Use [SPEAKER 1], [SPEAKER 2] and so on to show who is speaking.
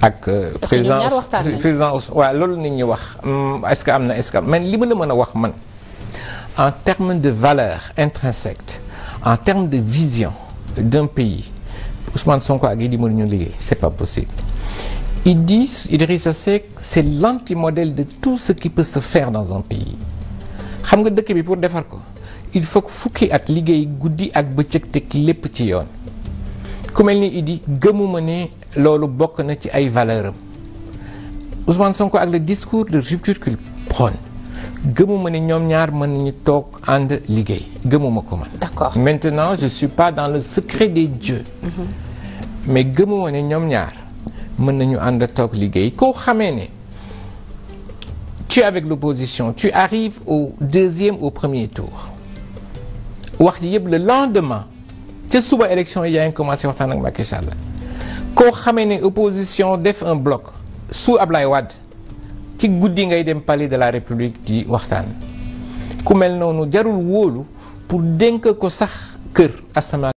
[SPEAKER 1] ak euh, président président waaw loolu nit ñi wax hmm, est-ce que am na est-ce que mais li ma la mën a wax man en termes de valeur intrinsèque en termes de vision d'un pays Ousmane Sonko ak Idi mënuñu liggéey c'est pas possible Idi Idrissa Seck c'est l'antimodèle de tout ce qui peut se faire dans un pays xam nga dëkk bi pour defar ko il faut que fukki at liggéey guddi ak bëccëg teg lépp ci yoon ku mel ni Idi gëmuma ne loolu bokk na ci ay valeur am Ousmane Sonko ak le discours de rupture qu'il prône gëmuma ne ñoom ñaar mën nañu toog ànd liggéey gëmuma ko man. d'accord maintenant je suis pas dans le secret des dieux. Mhm. mais gëmuma ne ñoom ñaar mën nañu ànd toog liggéey koo xamee ne tu es avec l'opposition tu arrives au deuxième au premier tour wax ji yëpp le lendemain. ca suba élection yi yaa ngi commencé waxtaan ak Macky Sall koo xamee ne opposition def un bloc sous Ablaye wàdd ci guddi ngay dem palais de la République di waxtaan ku mel noonu jarul wóolu pour dénk ko sax kër
[SPEAKER 2] asama